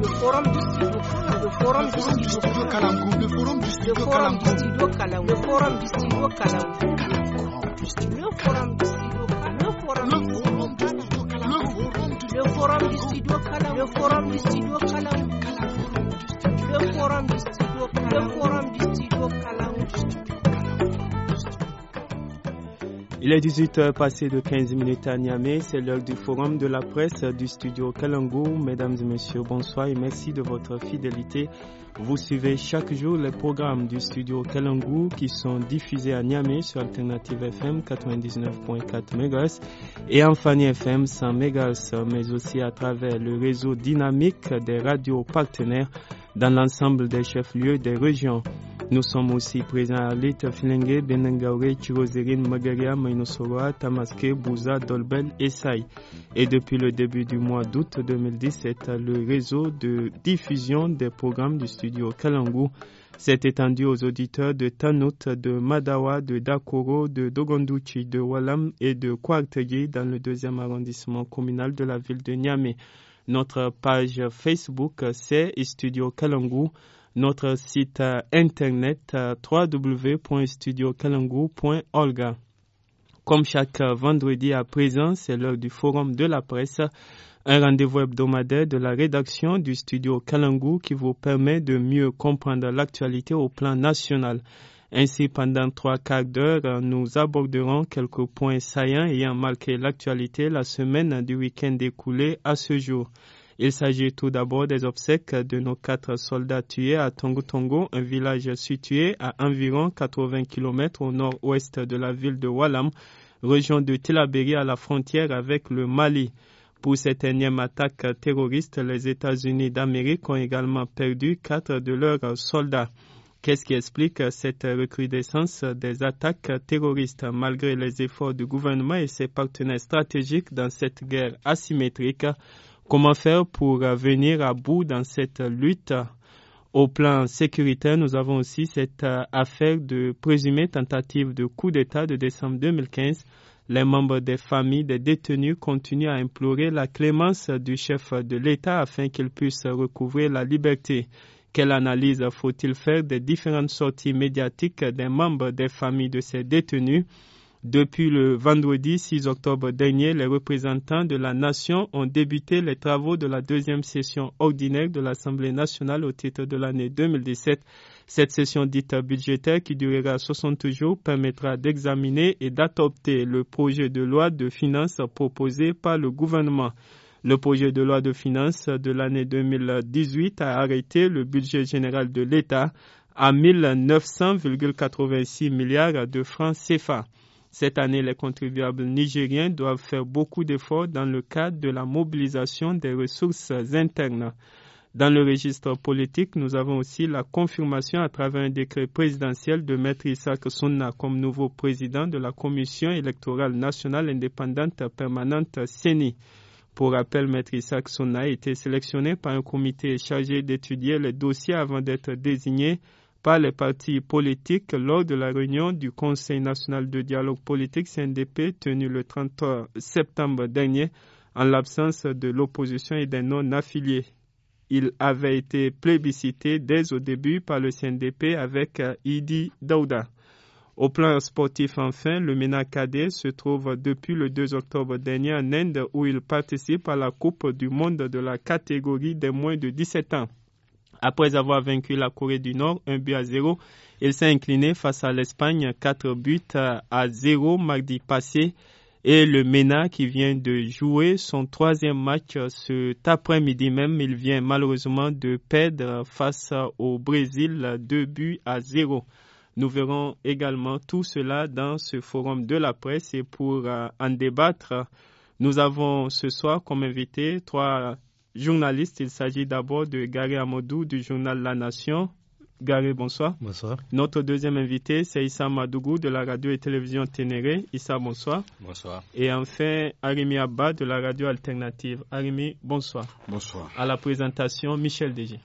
le forum du studio Kalangu le forum du studio Kalangu le forum du studio Kalangu le forum du studio Kalangu le forum du studio Kalangu le forum du studio Kalangu le forum du studio Kalangu le forum du studio Kalangu le forum du studio Kalangu le forum du studio Kalangu le forum du forum Kalangu Il est 18h passé de 15 minutes à Niamey, c'est l'heure du forum de la presse du studio Kalangou. Mesdames et messieurs, bonsoir et merci de votre fidélité. Vous suivez chaque jour les programmes du studio Kalangou qui sont diffusés à Niamey sur Alternative FM 99.4 MHz et Fanny FM 100 MHz, mais aussi à travers le réseau dynamique des radios partenaires dans l'ensemble des chefs-lieux des régions. Nous sommes aussi présents à Lita Filengue, Benengaure, Magaria, Mainosoroa, Tamaske, Bouza, Dolben et Saï. Et depuis le début du mois d'août 2017, le réseau de diffusion des programmes du studio Kalangu s'est étendu aux auditeurs de Tanout, de Madawa, de Dakoro, de Dogonduchi, de Walam et de Kwartegui dans le deuxième arrondissement communal de la ville de Niamey. Notre page Facebook, c'est Studio Kalangu notre site euh, internet euh, www.studiokalangu.org. Comme chaque euh, vendredi à présent, c'est l'heure du forum de la presse, un rendez-vous hebdomadaire de la rédaction du studio Kalangu qui vous permet de mieux comprendre l'actualité au plan national. Ainsi, pendant trois quarts d'heure, nous aborderons quelques points saillants ayant marqué l'actualité la semaine du week-end écoulé à ce jour. Il s'agit tout d'abord des obsèques de nos quatre soldats tués à Tongo Tongo, un village situé à environ 80 km au nord-ouest de la ville de Wallam, région de Tilaberi à la frontière avec le Mali. Pour cette énième attaque terroriste, les États-Unis d'Amérique ont également perdu quatre de leurs soldats. Qu'est-ce qui explique cette recrudescence des attaques terroristes malgré les efforts du gouvernement et ses partenaires stratégiques dans cette guerre asymétrique Comment faire pour venir à bout dans cette lutte au plan sécuritaire, nous avons aussi cette euh, affaire de présumée tentative de coup d'État de décembre 2015. Les membres des familles des détenus continuent à implorer la clémence du chef de l'État afin qu'il puisse recouvrer la liberté. Quelle analyse faut-il faire des différentes sorties médiatiques des membres des familles de ces détenus depuis le vendredi 6 octobre dernier, les représentants de la nation ont débuté les travaux de la deuxième session ordinaire de l'Assemblée nationale au titre de l'année 2017. Cette session dite budgétaire qui durera 60 jours permettra d'examiner et d'adopter le projet de loi de finances proposé par le gouvernement. Le projet de loi de finances de l'année 2018 a arrêté le budget général de l'État à 1900,86 milliards de francs CFA. Cette année, les contribuables nigériens doivent faire beaucoup d'efforts dans le cadre de la mobilisation des ressources internes. Dans le registre politique, nous avons aussi la confirmation à travers un décret présidentiel de Maître Isaac Sonna comme nouveau président de la Commission électorale nationale indépendante permanente CENI. Pour rappel, Maître Isaac Sunna a été sélectionné par un comité chargé d'étudier les dossiers avant d'être désigné par les partis politiques lors de la réunion du Conseil national de dialogue politique CNDP tenue le 30 septembre dernier en l'absence de l'opposition et des non-affiliés. Il avait été plébiscité dès au début par le CNDP avec euh, Idi Dauda. Au plan sportif, enfin, le MENA se trouve depuis le 2 octobre dernier en Inde où il participe à la Coupe du monde de la catégorie des moins de 17 ans. Après avoir vaincu la Corée du Nord, un but à zéro, il s'est incliné face à l'Espagne, Quatre buts à zéro mardi passé. Et le MENA qui vient de jouer son troisième match cet après-midi même, il vient malheureusement de perdre face au Brésil deux buts à zéro. Nous verrons également tout cela dans ce forum de la presse et pour euh, en débattre, nous avons ce soir comme invité trois Journaliste, Il s'agit d'abord de Gary Amodou du journal La Nation. Gary, bonsoir. Bonsoir. Notre deuxième invité, c'est Issa Madougou de la radio et télévision Ténéré. Issa, bonsoir. Bonsoir. Et enfin, Arimi Abba de la radio alternative. Arimi, bonsoir. Bonsoir. À la présentation, Michel Dégé.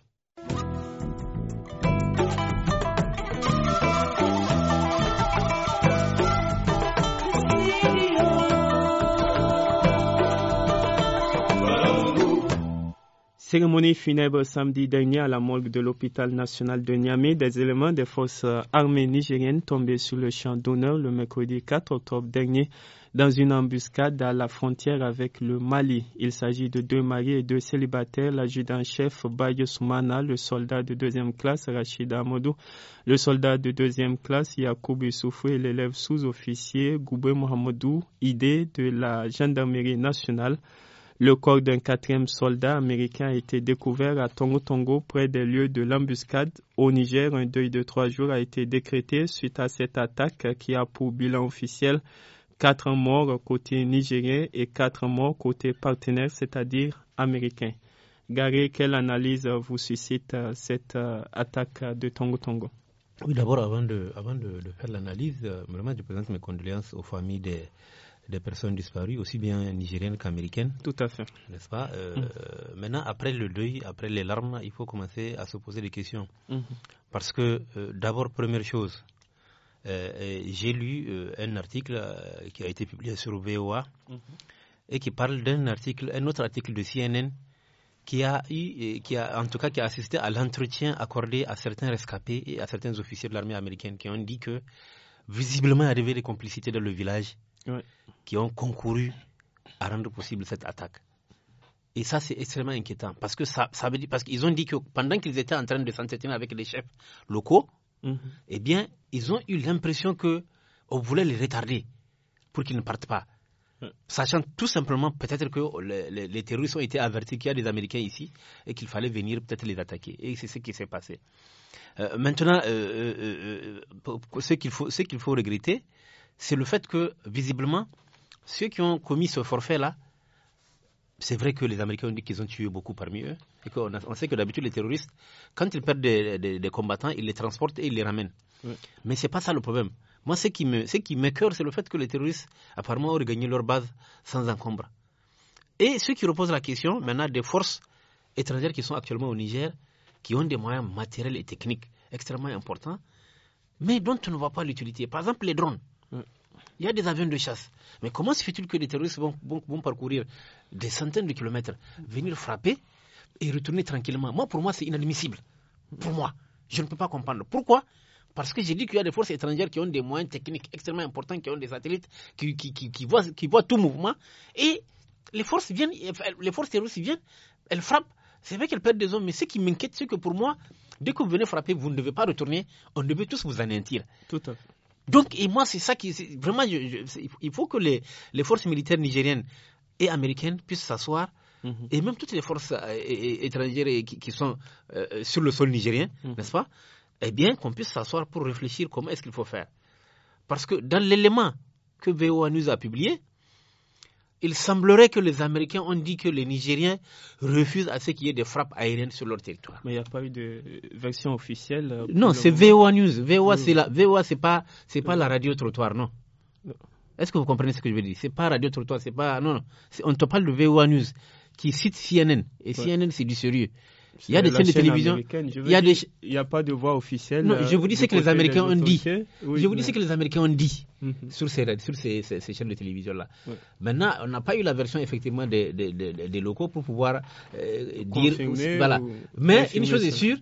cérémonie funèbre samedi dernier à la morgue de l'hôpital national de Niamey, des éléments des forces euh, armées nigériennes tombés sur le champ d'honneur le mercredi 4 octobre dernier dans une embuscade à la frontière avec le Mali. Il s'agit de deux mariés et deux célibataires, l'adjudant-chef Bayo Soumana, le soldat de deuxième classe Rachid Amadou, le soldat de deuxième classe Yacoub Issoufou et l'élève sous-officier Goubé Mohamedou, idée de la gendarmerie nationale. Le corps d'un quatrième soldat américain a été découvert à Tongo Tongo près des lieux de l'embuscade. Au Niger, un deuil de trois jours a été décrété suite à cette attaque qui a pour bilan officiel quatre morts côté nigérien et quatre morts côté partenaire, c'est-à-dire américain. Gary, quelle analyse vous suscite euh, cette euh, attaque de Tongo Tongo Oui, d'abord, avant de, faire l'analyse, euh, je présente mes condoléances aux familles des, des personnes disparues, aussi bien nigériennes qu'américaines. Tout à fait. N'est-ce pas euh, mm. Maintenant, après le deuil, après les larmes, il faut commencer à se poser des questions. Mm-hmm. Parce que, euh, d'abord, première chose, euh, j'ai lu un article qui a été publié sur VOA mm-hmm. et qui parle d'un article, un autre article de CNN qui a qui a, en tout cas, qui a assisté à l'entretien accordé à certains rescapés et à certains officiers de l'armée américaine qui ont dit que visiblement il y avait des complicités dans le village qui ont concouru à rendre possible cette attaque. Et ça, c'est extrêmement inquiétant parce que ça, ça veut dire, parce qu'ils ont dit que pendant qu'ils étaient en train de s'entretenir avec les chefs locaux, mhm. eh bien, ils ont eu l'impression qu'on voulait les retarder pour qu'ils ne partent pas. Sachant tout simplement peut-être que les, terroristes ont été avertis qu'il y a des Américains ici et qu'il fallait venir peut-être les attaquer. Et c'est ce qui s'est passé. Euh, maintenant, euh, euh, ce qu'il faut, faut, regretter, c'est le fait que, visiblement, ceux qui ont commis ce forfait-là, c'est vrai que les Américains ont dit qu'ils ont tué beaucoup parmi eux. Et qu'on on sait que d'habitude, les terroristes, quand ils perdent des, combattants, ils les transportent et ils les ramènent. Mais ce n'est pas ça le problème. Moi, ce qui m'écœure, c'est le fait que les terroristes, apparemment, ont regagné leur base sans encombre. Et ceux qui reposent la question, maintenant, des forces étrangères qui sont actuellement au Niger, qui ont des moyens matériels et techniques extrêmement importants, mais dont on ne voit pas l'utilité. Par exemple, les drones il y a des avions de chasse. Mais comment se fait-il que les terroristes vont, parcourir des centaines de kilomètres, venir frapper et retourner tranquillement Moi, pour moi, c'est inadmissible. Pour moi, je ne peux pas comprendre. Pourquoi parce que j'ai dit qu'il y a des forces étrangères qui ont des moyens techniques extrêmement importants, qui ont des satellites, qui, qui, voient, tout mouvement. Et les forces viennent, les forces terroristes viennent, elles frappent. C'est vrai qu'elles perdent des hommes, mais ce qui m'inquiète, c'est que pour moi, dès que vous venez frapper, vous ne devez pas retourner, on devait tous vous anéantir. Tout à fait. Donc, et moi, c'est ça qui. Vraiment, il faut que les, forces militaires nigériennes et américaines puissent s'asseoir. Mhm. Et même toutes les forces euh, étrangères qui, sont euh, euh, sur le sol nigérien, mhm. n'est-ce pas Eh bien, qu'on puisse s'asseoir pour réfléchir comment est-ce qu'il faut faire. Parce que dans l'élément que VOA nous a publié, il semblerait que les Américains ont dit que les Nigériens refusent à ce qu'il y ait des frappes aériennes sur leur territoire. Mais il n'y a pas eu de version officielle euh, Non, c'est VOA News. VOA, c'est la pas, la radio trottoir, non. Est-ce que vous comprenez ce que je veux dire C'est pas radio trottoir, c'est pas non, non. on te parle de VOA News qui cite CNN et CNN c'est du sérieux. Il y a des chaînes de télévision. Il a n'y a pas de voix officielle. je vous dis euh, ce que les Américains ont dit. je vous dis que les Américains ont dit sur, ces, chaînes de télévision-là. Maintenant, on n'a pas eu la version effectivement des, locaux pour pouvoir euh, dire. Voilà. Mais une chose est sûre,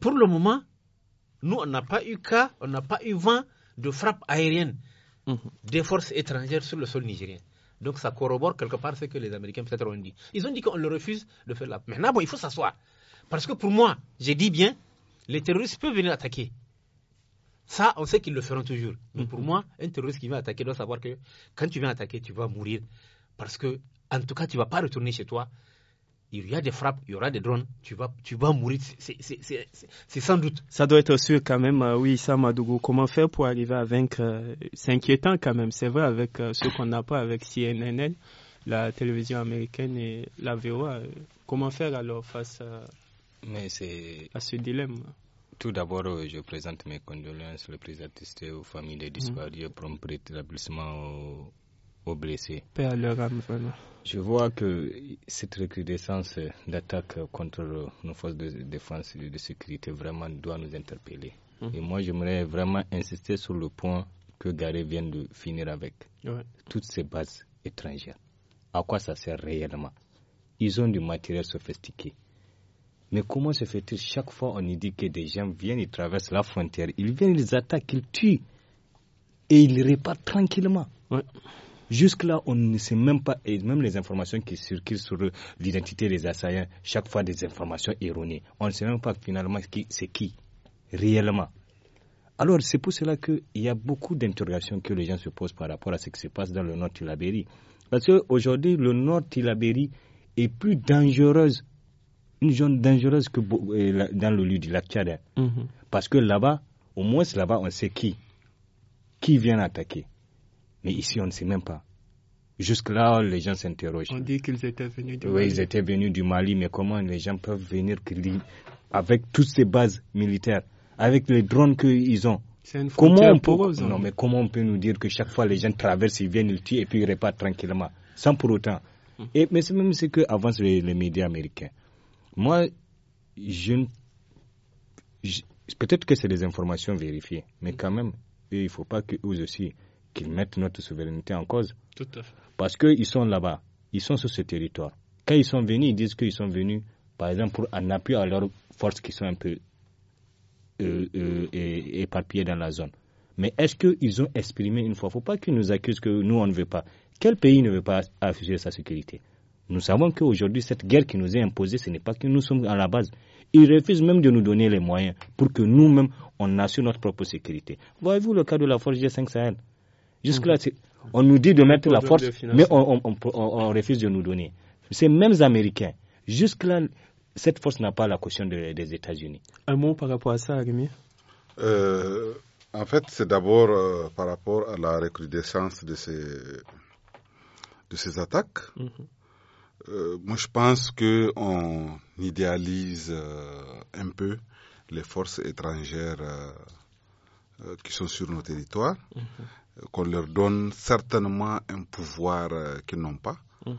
pour le moment, nous, on n'a pas eu cas, on n'a pas eu vent de frappe aérienne mhm. des forces étrangères sur le sol nigérien. Donc ça corrobore quelque part ce que les Américains peut-être ont dit. Ils ont dit qu'on le refuse de faire la Maintenant, bon, il faut s'asseoir. Parce que pour moi, j'ai dit bien, les terroristes peuvent venir attaquer. Ça, on sait qu'ils le feront toujours. Mais pour mhm. moi, un terroriste qui vient attaquer doit savoir que quand tu viens attaquer, tu vas mourir. Parce que, en tout cas, tu ne vas pas retourner chez toi il y a des frappes, il y aura des drones, tu vas, tu vas mourir, c'est sans doute. Ça doit être sûr quand même, euh, oui, ça, Madougou. Comment faire pour arriver à vaincre euh, C'est inquiétant quand même, c'est vrai, avec euh, ce qu'on n'a pas avec CNN, la télévision américaine et la VOA. Comment faire alors face à, Mais à ce dilemme tout d'abord, je présente mes condoléances le président aux familles des disparus, mmh. prompt rétablissement je vois que cette recrudescence d'attaques contre nos forces de défense et de sécurité vraiment doit nous interpeller. Hum. Et moi, j'aimerais vraiment insister sur le point que Garé vient de finir avec. Toutes ces bases étrangères, à quoi ça sert réellement Ils ont du matériel sophistiqué. Mais comment se fait-il chaque fois on dit que des gens viennent, ils traversent la frontière, ils viennent, ils attaquent, ils tuent et ils repartent tranquillement Jusque-là, on ne sait même pas, même les informations qui circulent sur l'identité des assaillants, chaque fois des informations erronées. On ne sait même pas finalement qui, c'est qui, réellement. Alors, c'est pour cela qu'il y a beaucoup d'interrogations que les gens se posent par rapport à ce qui se passe dans le nord Tilaberi Parce qu'aujourd'hui, le nord Tilaberi est plus dangereuse, une zone dangereuse que euh, dans le lieu du lac Tchad. Mhm. Parce que là-bas, au moins là-bas, on sait qui, qui vient attaquer. Mais ici, on ne sait même pas. Jusque-là, les gens s'interrogent. On dit qu'ils étaient venus du Mali. Oui, ils étaient venus du Mali, mais comment les gens peuvent venir avec toutes ces bases militaires, avec les drones qu'ils ont une comment on peut... Hein. non, mais comment on peut nous dire que chaque fois les gens traversent, ils viennent, ils tuent et puis ils repartent tranquillement, sans pour autant. Mm. Et, mais c'est même ce que les, les médias américains. Moi, je peut-être que c'est des informations vérifiées, mais quand même, il ne faut pas qu'eux aussi qu'ils mettent notre souveraineté en cause. Tout à fait. Parce qu'ils sont là-bas, ils sont sur ce territoire. Quand ils sont venus, ils disent qu'ils sont venus, par exemple, pour en appui à leurs forces qui sont un peu euh, euh, éparpillées dans la zone. Mais est-ce qu'ils ont exprimé une fois Il ne faut pas qu'ils nous accusent que nous, on ne veut pas. Quel pays ne veut pas afficher sa sécurité Nous savons qu'aujourd'hui, cette guerre qui nous est imposée, ce n'est pas que nous sommes à la base. Ils refusent même de nous donner les moyens pour que nous-mêmes, on assure notre propre sécurité. Voyez-vous le cas de la force G5 Sahel Jusque-là, on nous dit de mettre la force, mais on, refuse de nous donner. Ces mêmes Américains, jusque-là, cette force n'a pas la caution des États-Unis. Un mot par rapport à ça, Agumi euh, En fait, c'est d'abord euh, par rapport à la recrudescence de ces, de ces attaques. Mhm. Euh, moi, je pense qu'on idéalise un peu les forces étrangères qui sont sur nos territoires. Mhm qu'on leur donne certainement un pouvoir euh, qu'ils n'ont pas. Mhm.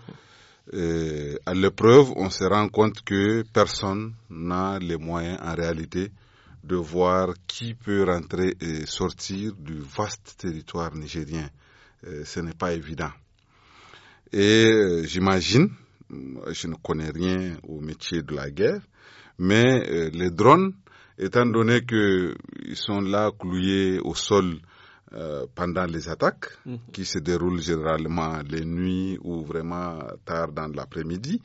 Euh, à l'épreuve, on se rend compte que personne n'a les moyens en réalité de voir qui peut rentrer et sortir du vaste territoire nigérien. Euh, ce n'est pas évident. Et j'imagine, je ne connais rien au métier de la guerre, mais les drones, étant donné qu'ils sont là cloués au sol euh, pendant les attaques mhm. qui se déroulent généralement les nuits ou vraiment tard dans l'après-midi.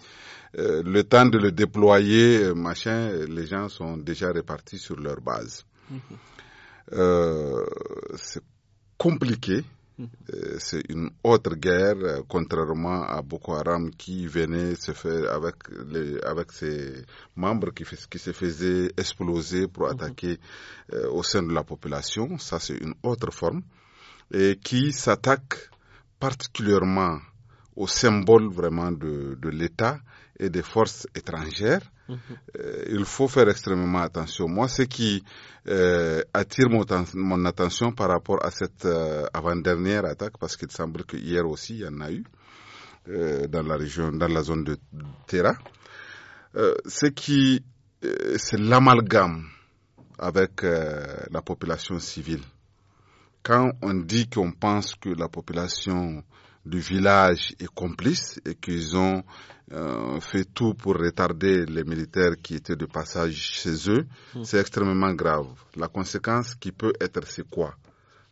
Euh, le temps de le déployer, euh, machin, les gens sont déjà répartis sur leur base. Mhm. c'est compliqué euh, c'est une autre guerre, euh, contrairement à Boko Haram qui venait se faire avec, les, avec ses membres qui, qui se faisaient exploser pour mhm. attaquer euh, au sein de la population. Ça, c'est une autre forme. Et qui s'attaque particulièrement au symbole vraiment de, de l'État et des forces étrangères euh, il faut faire extrêmement attention. Moi, ce qui euh, attire mon, attention par rapport à cette euh, avant-dernière attaque, parce qu'il semble qu'hier aussi, il y en a eu dans la région, dans la zone de Terra, c'est qui, c'est l'amalgame avec la population civile. Quand on dit qu'on pense que la population du village est complice et qu'ils ont euh, fait tout pour retarder les militaires qui étaient de passage chez eux, hmm. c'est extrêmement grave. La conséquence qui peut être, c'est quoi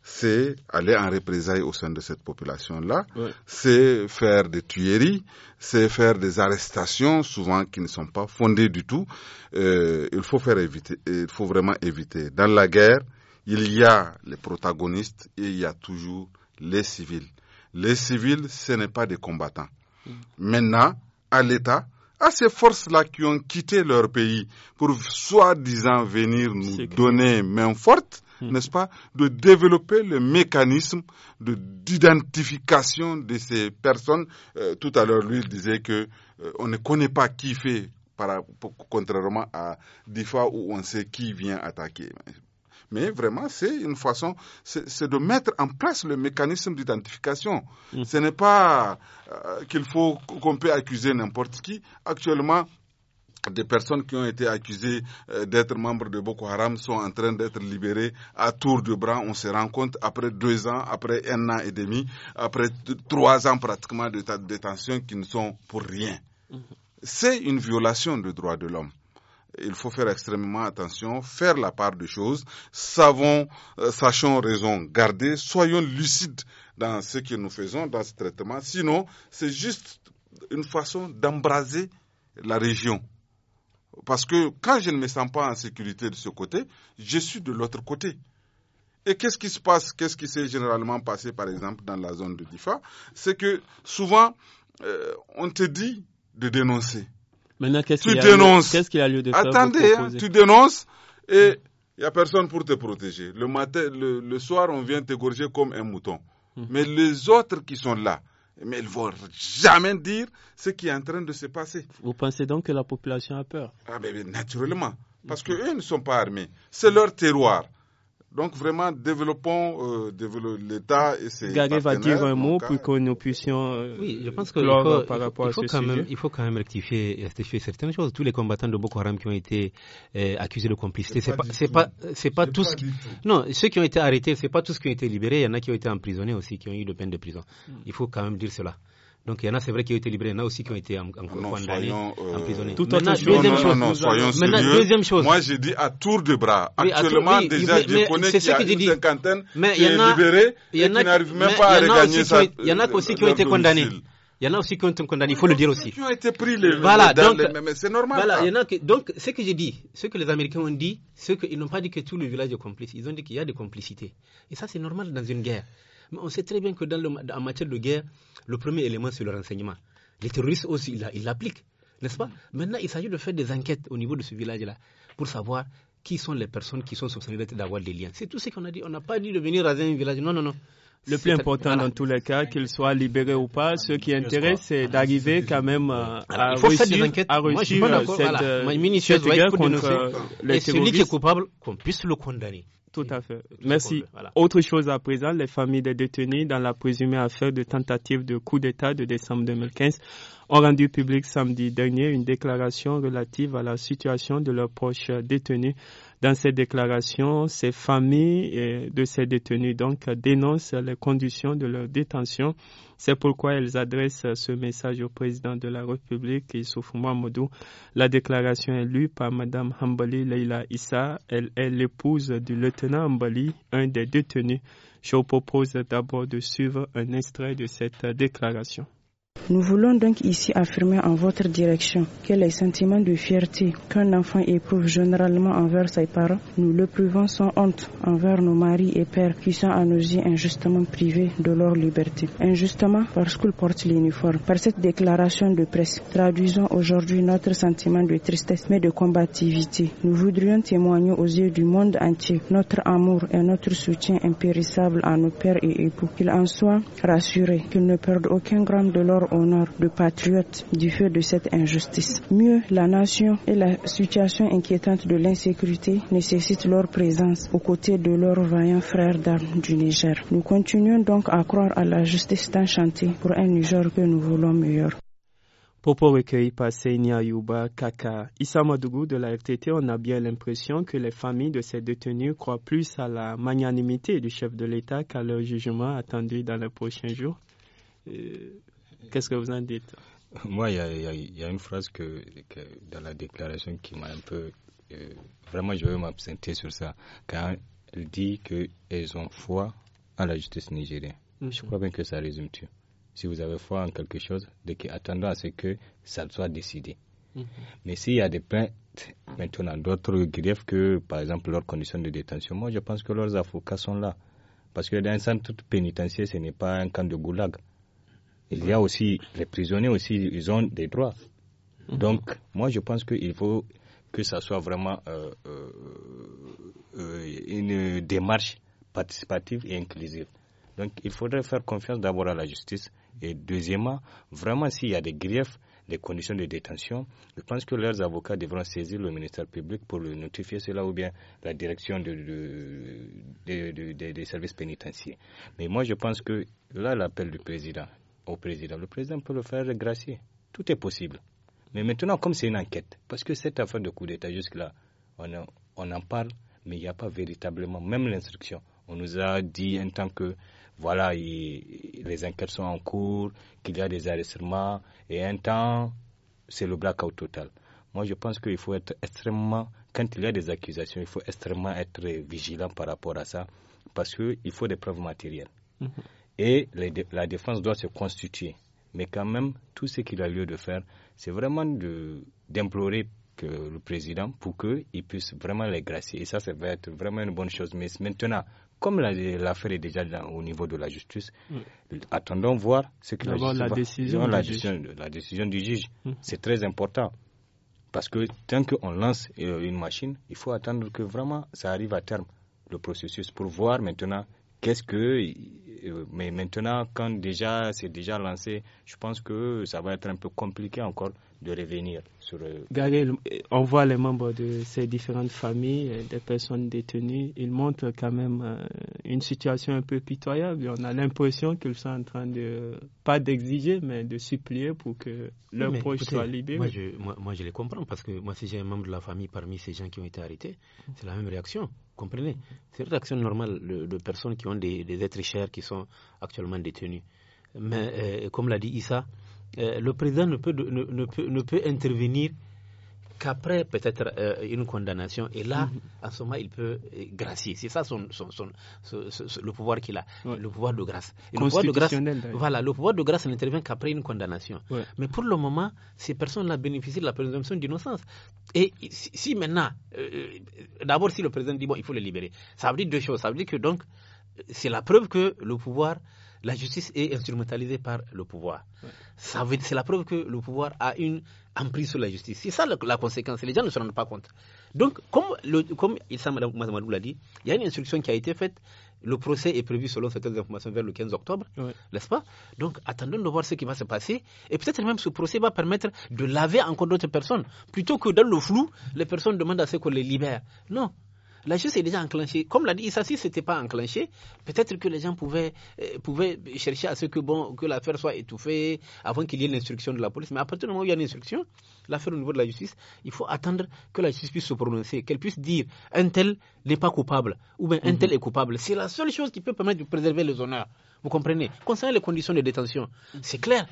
c'est aller en représailles au sein de cette population-là, c'est faire des tueries, c'est faire des arrestations, souvent qui ne sont pas fondées du tout. Euh, il faut faire éviter, il faut vraiment éviter. Dans la guerre, il y a les protagonistes et il y a toujours les civils. Les civils, ce n'est pas des combattants. Hmm. Maintenant, à l'État, à ces forces-là qui ont quitté leur pays pour soi-disant venir nous donner main forte, hum. n'est-ce pas, de développer le mécanisme d'identification de, ces personnes. Euh, tout à l'heure, lui il disait que euh, on ne connaît pas qui fait, contrairement à des fois où on sait qui vient attaquer mais vraiment, c'est une façon, c'est de mettre en place le mécanisme d'identification. Mm. Ce n'est pas euh, qu'il faut qu'on peut accuser n'importe qui. Actuellement, des personnes qui ont été accusées euh, d'être membres de Boko Haram sont en train d'être libérées à tour de bras. On se rend compte après deux ans, après un an et demi, après trois ans pratiquement de détention qui ne sont pour rien. Mm-hmm. C'est une violation des droits de l'homme il faut faire extrêmement attention, faire la part des choses, savons, euh, sachons raison garder, soyons lucides dans ce que nous faisons, dans ce traitement. Sinon, c'est juste une façon d'embraser la région. Parce que quand je ne me sens pas en sécurité de ce côté, je suis de l'autre côté. Et qu'est-ce qui se passe Qu'est-ce qui s'est généralement passé, par exemple, dans la zone de Difa C'est que souvent, euh, on te dit de dénoncer. Maintenant, qu'est-ce qu'il a, lieu de Attendez, Attendez, hein, tu dénonces et il n'y a personne pour te protéger. Le, matin, le, soir, on vient te gorger comme un mouton. Hmm. Mais les autres qui sont là, mais ils ne vont jamais dire ce qui est en train de se passer. Vous pensez donc que la population a peur Ah, mais, naturellement. Parce qu'eux ne sont pas armés. C'est leur terroir. Donc vraiment, euh, développons, l'État et ses va dire un mot pour que nous puissions. Euh, oui, je pense que il faut, quand Même, il rectifier, certaines choses. Tous les combattants de Boko Haram qui ont été euh, accusés de complicité, c'est pas, c'est pas, c'est pas, tous. Non, ceux qui ont été arrêtés, c'est pas tous qui ont été libérés. Il y en a qui ont été emprisonnés aussi, qui ont eu de peine de prison. Hmm. Il faut quand même dire cela. Donc il y en a, c'est vrai, qui ont été libérés, il y en a aussi qui ont été condamnés, euh, emprisonnés. Tout deuxième non, chose, non, soyons maintenant, deuxième chose. Moi, j'ai dit à tour de bras. Actuellement, déjà, je connais qu'il y une cinquantaine mais est libérée et qui n'arrive même pas à regagner sa Il y en a euh, aussi qui ont été condamnés. Il y en a aussi qui ont été condamnés, il faut ah, le dire aussi. Qui ont été pris les voilà, donc, mais c'est normal. Voilà, y en a donc ce que j'ai dit, ce que les Américains ont dit, c'est qu'ils n'ont pas dit que tout le village est complice. Ils ont dit qu'il y a des complicités. Et ça, c'est normal dans une guerre. Mais on sait très bien que dans le, matière de guerre, le premier élément, c'est le renseignement. Les terroristes aussi, ils l'appliquent, n'est-ce pas Maintenant, il s'agit de faire des enquêtes au niveau de ce village-là pour savoir qui sont les personnes qui sont soupçonnées d'avoir des liens. C'est tout ce qu'on a dit. On n'a pas dit de venir raser un village. Non, non, non. Le plus important dans tous les cas, qu'il soit libéré ou pas, ce qui intéresse, c'est d'arriver quand même à, réussir, cette, guerre Et celui qui est coupable, qu'on puisse le condamner. Tout mm. à fait. Merci. Autre chose à présent, les familles des détenus dans la présumée affaire de tentative de coup d'État de décembre 2015 ont rendu public samedi dernier une déclaration relative à la situation de leurs proches détenus dans ces déclarations, ces familles euh, de ces détenus donc dénoncent les conditions de leur détention. C'est pourquoi elles adressent ce message au président de la République, Issouf Mouamoudou. La déclaration est lue par Madame Hambali Leila Issa. Elle est l'épouse du lieutenant Hambali, un des détenus. Je vous propose d'abord de suivre un extrait de cette déclaration. Nous voulons donc ici affirmer en votre direction que les sentiments de fierté qu'un enfant éprouve généralement envers ses parents, nous le prouvons sans honte envers nos maris et pères qui sont à nos yeux injustement privés de leur liberté. Injustement parce qu'ils portent l'uniforme. Par cette déclaration de presse, traduisons aujourd'hui notre sentiment de tristesse mais de combativité. Nous voudrions témoigner aux yeux du monde entier notre amour et notre soutien impérissable à nos pères et époux. Qu'ils en soient rassurés, qu'ils ne perdent aucun gramme de leur honneur de patriotes du feu de cette injustice. Mieux, la nation et la situation inquiétante de l'insécurité nécessitent leur présence aux côtés de leurs vaillants frères d'armes du Niger. Nous continuons donc à croire à la justice enchantée pour un Niger que nous voulons meilleur. Propos recueillis par Seigneur Yuba Kaka. Issa Madougou de la FTT, on a bien l'impression que les familles de ces détenus croient plus à la magnanimité du chef de l'État qu'à leur jugement attendu dans les prochains jours. Euh, Qu'est-ce que vous en dites Moi, il y, a une phrase que, dans la déclaration qui m'a un peu. Euh, vraiment, je vais m'absenter sur ça. car elle dit qu'elles ont foi en la justice nigérienne, mhm. je crois bien que ça résume tout. Si vous avez foi en quelque chose, de qui attendons à ce que ça soit décidé. Mhm. Mais s'il y a des plaintes maintenant, d'autres griefs que, par exemple, leurs conditions de détention, moi, je pense que leurs avocats sont là. Parce que dans un centre pénitentiaire, ce n'est pas un camp de goulag. Il y a aussi, les prisonniers aussi, ils ont des droits. Mhm. Donc, moi, je pense qu'il faut que ça soit vraiment euh, euh, euh, une démarche participative et inclusive. Donc, il faudrait faire confiance d'abord à la justice et deuxièmement, vraiment s'il y a des griefs, des conditions de détention, je pense que leurs avocats devront saisir le ministère public pour le notifier cela ou bien la direction de, des services pénitentiaires. Mais moi, je pense que là, l'appel du président, au président. Le président peut le faire gracier. Tout est possible. Mais maintenant, comme c'est une enquête, parce que cette affaire de coup d'État, jusque-là, on, on, en parle, mais il n'y a pas véritablement, même l'instruction. On nous a dit en tant que, voilà, les enquêtes sont en cours, qu'il y a des arrestements, et un temps, c'est le blackout total. Moi, je pense qu'il faut être extrêmement, quand il y a des accusations, il faut extrêmement être vigilant par rapport à ça, parce qu'il faut des preuves matérielles. Mm-hmm et la défense doit se constituer. Mais quand même, tout ce qu'il a lieu de faire, c'est vraiment d'implorer le président pour qu'il puisse vraiment les gracier. Et ça, ça va être vraiment une bonne chose. Mais maintenant, comme l'affaire est déjà au niveau de la justice, attendons voir ce que la, justice la, va. Décision la, décision, du juge. Hum. C'est très important. Parce que tant qu'on lance euh, une machine, il faut attendre que vraiment ça arrive à terme, le processus, pour voir maintenant qu'est-ce que. Euh, mais maintenant, quand déjà c'est déjà lancé, je pense que ça va être un peu compliqué encore de revenir sur. Euh, on voit les membres de ces différentes familles, euh, des personnes détenues. Ils montrent quand même euh, une situation un peu pitoyable. On a l'impression qu'ils sont en train de, pas d'exiger, mais de supplier pour que leur proche soit libéré. Moi je, les comprends parce que moi, si j'ai un membre de la famille parmi ces gens qui ont été arrêtés, c'est la même réaction. Comprenez C'est une réaction normale de, personnes qui ont des, êtres chers qui sont actuellement détenus. Mais comme l'a dit Issa, euh, le président ne peut, intervenir qu'après peut-être euh, une condamnation. Et là, mhm. en ce moment, il peut euh, gracier. C'est ça son, son, le pouvoir qu'il a, le pouvoir de grâce. le pouvoir de grâce voilà, le pouvoir de grâce n'intervient qu'après une condamnation. Mais pour le moment, ces personnes-là bénéficient de la présomption d'innocence. Et si, maintenant, d'abord si le président dit, bon, il faut les libérer, ça veut dire deux choses. Ça veut dire que donc, c'est la preuve que le pouvoir la justice est instrumentalisée par le pouvoir. c'est la preuve que le pouvoir a une emprise sur la justice. C'est ça la, conséquence. Les gens ne se rendent pas compte. Donc, comme, le, Issa Madou l'a dit, il y a une instruction qui a été faite. Le procès est prévu selon certaines informations vers le 15 octobre, n'est-ce pas Donc, attendons de voir ce qui va se passer. Et peut-être même ce procès va permettre de laver encore d'autres personnes. Plutôt que dans le flou, les personnes demandent à ce qu'on les libère. Non, la justice est déjà enclenchée. Comme l'a dit Issa, si ce n'était pas enclenché, peut-être que les gens euh, pouvaient, chercher à ce que, bon, que l'affaire soit étouffée avant qu'il y ait l'instruction de la police. Mais à partir du moment où il y a une instruction, l'affaire au niveau de la justice, il faut attendre que la justice puisse se prononcer, qu'elle puisse dire un tel n'est pas coupable ou bien un mhm. tel est coupable. C'est la seule chose qui peut permettre de préserver les honneurs. Vous comprenez Concernant les conditions de détention, c'est clair.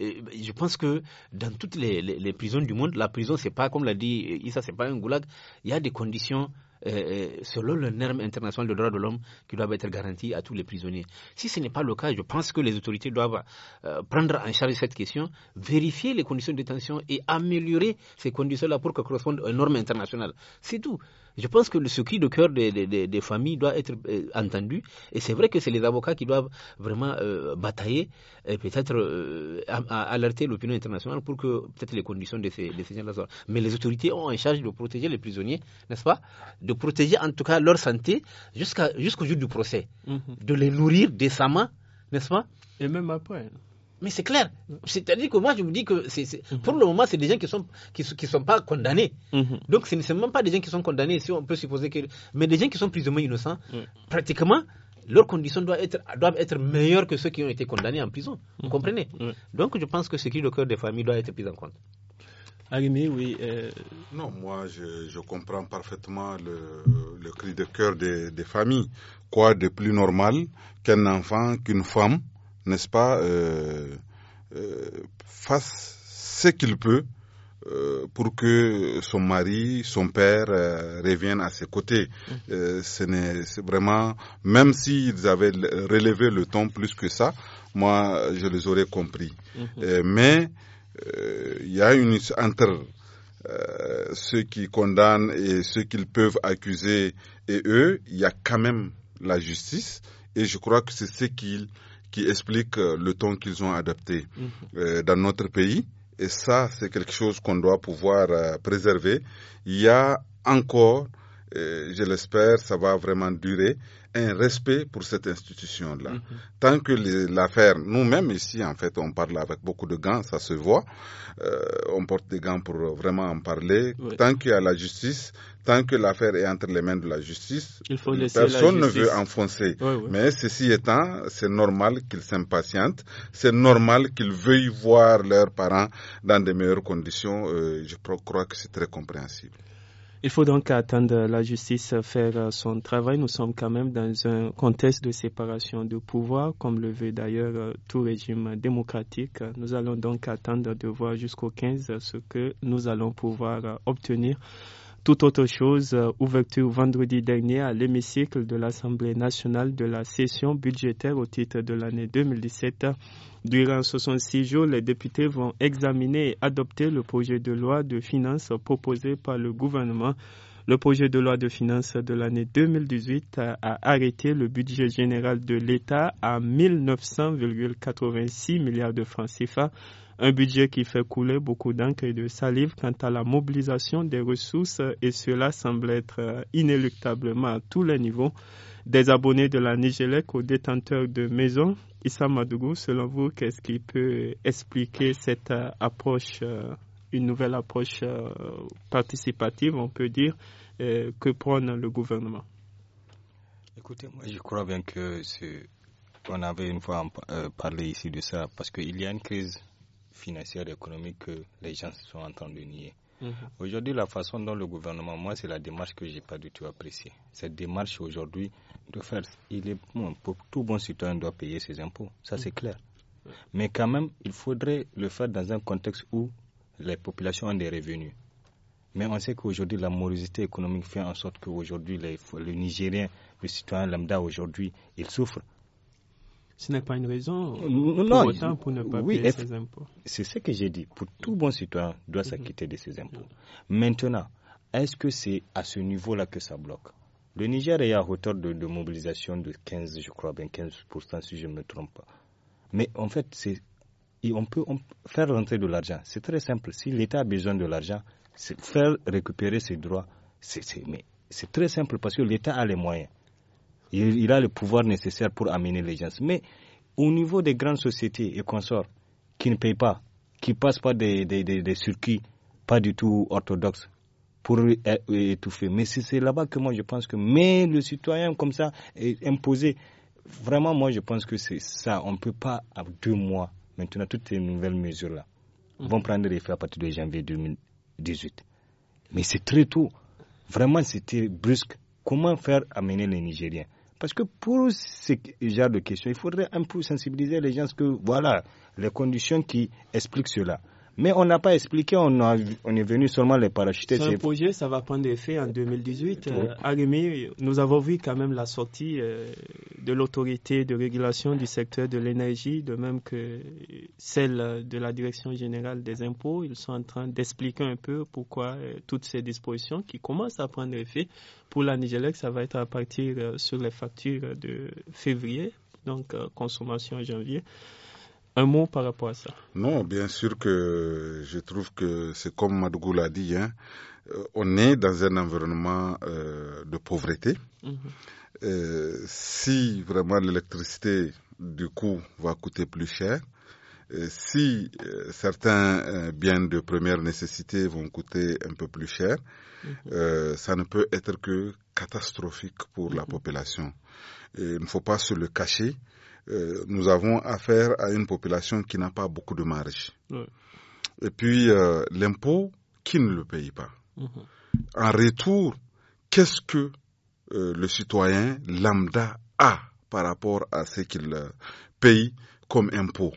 Euh, je pense que dans toutes les, prisons du monde, la prison, n'est pas, comme l'a dit Issa, n'est pas un goulag. Il y a des conditions euh, euh, selon le norme international de droits de l'homme qui doivent être garanties à tous les prisonniers. Si ce n'est pas le cas, je pense que les autorités doivent euh, prendre en charge cette question, vérifier les conditions de détention et améliorer ces conditions-là pour que correspondent aux normes internationales. C'est tout. Je pense que ce cri de cœur des, des, familles doit être euh, entendu. Et c'est vrai que c'est les avocats qui doivent vraiment euh, batailler et peut-être euh, alerter l'opinion internationale pour que peut-être les conditions de ces, de ces gens-là soient. Mais les autorités ont en charge de protéger les prisonniers, n'est-ce pas De protéger en tout cas leur santé jusqu'au jour du procès. Mm-hmm. De les nourrir décemment, n'est-ce pas Et même après. Mais c'est clair. C'est-à-dire que moi, je me dis que mhm. pour le moment, c'est des gens qui ne sont, qui, sont pas condamnés. Mhm. Donc, ce ne sont même pas des gens qui sont condamnés, si on peut supposer que. Mais des gens qui sont plus ou moins innocents, pratiquement, leurs conditions doivent être, meilleures que ceux qui ont été condamnés en prison. Vous mhm. comprenez Donc, je pense que ce qui de le cœur des familles doit être pris en compte. oui. Euh, non, moi, je, comprends parfaitement le, cri de cœur des familles. Quoi de plus normal qu'un enfant, qu'une femme n'est-ce pas, euh, euh, fasse ce qu'il peut euh, pour que son mari, son père euh, revienne reviennent à ses côtés. Mm. Euh, ce n'est vraiment, même s'ils avaient relevé le temps plus que ça, moi, je les aurais compris. Mm-hmm. mais il y a une entre ceux qui condamnent et ceux qu'ils peuvent accuser et eux, il y a quand même la justice. Et je crois que c'est ce qu'ils qui explique euh, le ton qu'ils ont adapté mhm. euh, dans notre pays. Et ça, c'est quelque chose qu'on doit pouvoir euh, préserver. Il y a encore je l'espère, ça va vraiment durer, un respect pour cette institution-là. Mhm. Tant que l'affaire, nous-mêmes ici, en fait, on parle avec beaucoup de gants, ça se voit. Euh, on porte des gants pour vraiment en parler. Tant qu'il y a la justice, tant que l'affaire est entre les mains de la justice, personne ne veut enfoncer. Mais ceci étant, c'est normal qu'ils s'impatientent, c'est normal qu'ils veuillent voir leurs parents dans de meilleures conditions. Euh, je crois que c'est très compréhensible. Il faut donc attendre la justice faire euh, son travail. Nous sommes quand même dans un contexte de séparation de pouvoir, comme le veut d'ailleurs euh, tout régime démocratique. Nous allons donc attendre de voir jusqu'au 15 ce que nous allons pouvoir euh, obtenir tout autre chose, euh, ouverture vendredi dernier à l'hémicycle de l'Assemblée nationale de la session budgétaire au titre de l'année 2017. Durant 66 jours, les députés vont examiner et adopter le projet de loi de finances proposé par le gouvernement. Le projet de loi de finances de l'année 2018 a, arrêté le budget général de l'État à 1900,86 milliards de francs CFA, un budget qui fait couler beaucoup d'encre et de salive quant à la mobilisation des ressources et cela semble être euh, inéluctablement à tous les niveaux. Des abonnés de la Nigélec aux détenteurs de maisons. Issa Madougou, selon vous, qu'est-ce qui peut expliquer cette euh, approche, euh, une nouvelle approche participative, on peut dire, que prend le gouvernement Écoutez, moi je crois bien que on avait une fois parlé ici de ça parce qu'il y a une crise financière et économique que les gens sont en train de nier. Mhm. Aujourd'hui, la façon dont le gouvernement, moi, c'est la démarche que je n'ai pas du tout appréciée. Cette démarche aujourd'hui de faire, il est bon, pour tout bon citoyen doit payer ses impôts, ça c'est mhm. clair. Mais quand même, il faudrait le faire dans un contexte où les populations ont des revenus. Mais on sait qu'aujourd'hui, la morosité économique fait en sorte qu'aujourd'hui, le Nigérien, le citoyen lambda aujourd'hui, il souffre ce n'est pas une raison pour autant pour ne pas payer ses impôts. C'est ce que j'ai dit. Pour tout bon citoyen, doit mhm. s'acquitter de ses impôts. Mhm. Maintenant, est-ce que c'est à ce niveau-là que ça bloque Le Niger est à hauteur de, mobilisation de 15, je crois, 15% si je ne me trompe pas. Mais en fait, on peut faire rentrer de l'argent. C'est très simple. Si l'État a besoin de l'argent, faire récupérer ses droits, c'est très simple parce que l'État a les moyens. Il, a le pouvoir nécessaire pour amener les gens. Mais au niveau des grandes sociétés et consorts qui ne payent pas, qui passent pas des, circuits pas du tout orthodoxes pour étouffer. Mais c'est là-bas que moi je pense que. Mais le citoyen comme ça est imposé. Vraiment, moi je pense que c'est ça. On ne peut pas, à deux mois, maintenant, toutes ces nouvelles mesures-là mm. vont prendre effet à partir de janvier 2018. Mais c'est très tôt. Vraiment, c'était brusque. Comment faire amener les Nigériens parce que pour ce genre de questions, il faudrait un peu sensibiliser les gens que voilà les conditions qui expliquent cela. Mais on n'a pas expliqué, on, est venu seulement les parachuter. C'est un projet, ça va prendre effet en 2018. Oui. Euh, nous avons vu quand même la sortie euh, de l'autorité de régulation du secteur de l'énergie, de même que celle de la direction générale des impôts. Ils sont en train d'expliquer un peu pourquoi euh, toutes ces dispositions qui commencent à prendre effet. Pour la Nigelec, ça va être à partir sur les factures de février, donc consommation en janvier un mot par rapport à ça Non, bien sûr que je trouve que c'est comme Madgoul l'a dit, hein, euh, on est dans un environnement euh, de pauvreté. Mhm. Euh, si vraiment l'électricité, du coup, va coûter plus cher, si certains biens de première nécessité vont coûter un peu plus cher, mhm. ça ne peut être que catastrophique pour la mhm. population. il ne faut pas se le cacher. Euh, nous avons affaire à une population qui n'a pas beaucoup de marge. Et puis, euh, l'impôt, qui ne le paye pas mhm. En retour, qu'est-ce que euh, le citoyen lambda a par rapport à ce qu'il paye comme impôt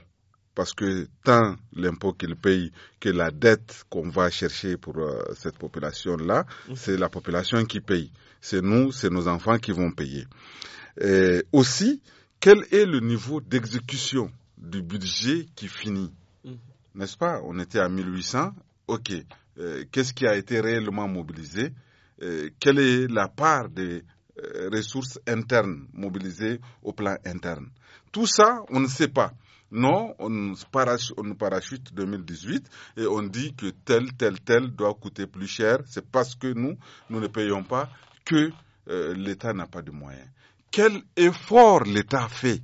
parce que tant l'impôt qu'il paye que la dette qu'on va chercher pour cette population-là, mhm. c'est la population qui paye. C'est nous, c'est nos enfants qui vont payer. aussi, quel est le niveau d'exécution du budget qui finit mhm. N'est-ce pas On était à 1800. OK. Euh, qu'est-ce qui a été réellement mobilisé euh, Quelle est la part des euh, ressources internes mobilisées au plan interne Tout ça, on ne sait pas. Non, on nous parachute 2018 et on dit que tel, tel, tel doit coûter plus cher. C'est parce que nous, nous ne payons pas que l'État n'a pas de moyens quel effort l'État fait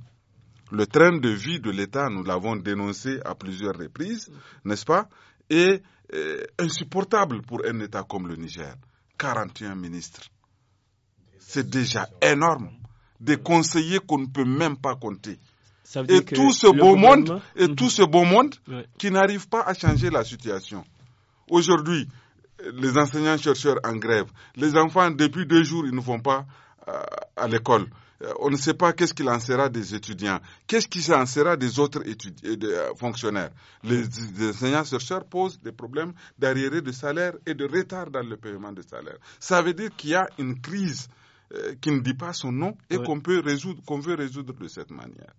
Le train de vie de l'État, nous l'avons dénoncé à plusieurs reprises, n'est-ce pas Et euh, insupportable pour un État comme le Niger. 41 ministres. C'est déjà énorme. Des conseillers qu'on ne peut même pas compter. et, tout, ce beau monde, et tout ce beau monde qui n'arrive pas à changer la situation. Aujourd'hui, les enseignants chercheurs en grève, les enfants depuis deux jours ils ne vont pas euh, à l'école. Euh, on ne sait pas qu'est-ce qu'il en sera des étudiants, qu'est-ce qu'il en sera des autres euh, fonctionnaires. Les, enseignants-chercheurs posent des problèmes d'arriérés de salaire et de retard dans le paiement de salaire. Ça veut dire qu'il y a une crise qui ne dit pas son nom et qu'on peut résoudre, qu'on veut résoudre de cette manière.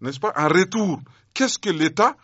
N'est-ce pas En retour, qu'est-ce que l'État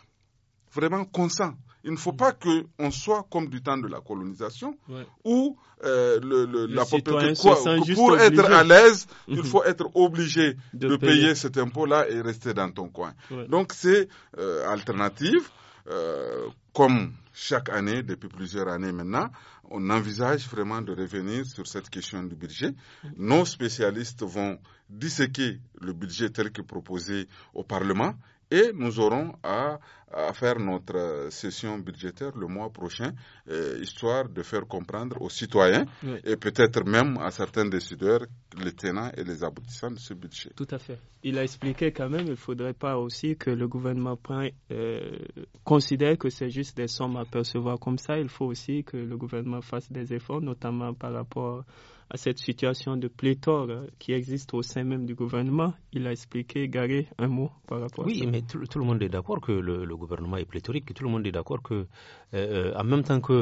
vraiment consent il ne faut pas mm. qu'on soit comme du temps de la colonisation, où euh, la population pour être à l'aise, il mm-hmm. faut être obligé de, payer. cet impôt-là et rester dans ton coin. Donc c'est euh, alternative, euh, comme chaque année, depuis plusieurs années maintenant, on envisage vraiment de revenir sur cette question du budget. Mm-hmm. Nos spécialistes vont disséquer le budget tel que proposé au Parlement et nous aurons à à faire notre session budgétaire le mois prochain, euh, histoire de faire comprendre aux citoyens et peut-être même à certains décideurs les tenants et les aboutissants de ce budget. Tout à fait. Il a expliqué quand même, il ne faudrait pas aussi que le gouvernement euh, considère que c'est juste des sommes à percevoir comme ça. Il faut aussi que le gouvernement fasse des efforts, notamment par rapport à cette situation de pléthore euh, qui existe au sein même du gouvernement. Il a expliqué, Garé, un mot par rapport oui, à ça. Oui, mais tout, le monde est d'accord que le, le, gouvernement est pléthorique, tout le monde est d'accord que, euh, euh, en même temps que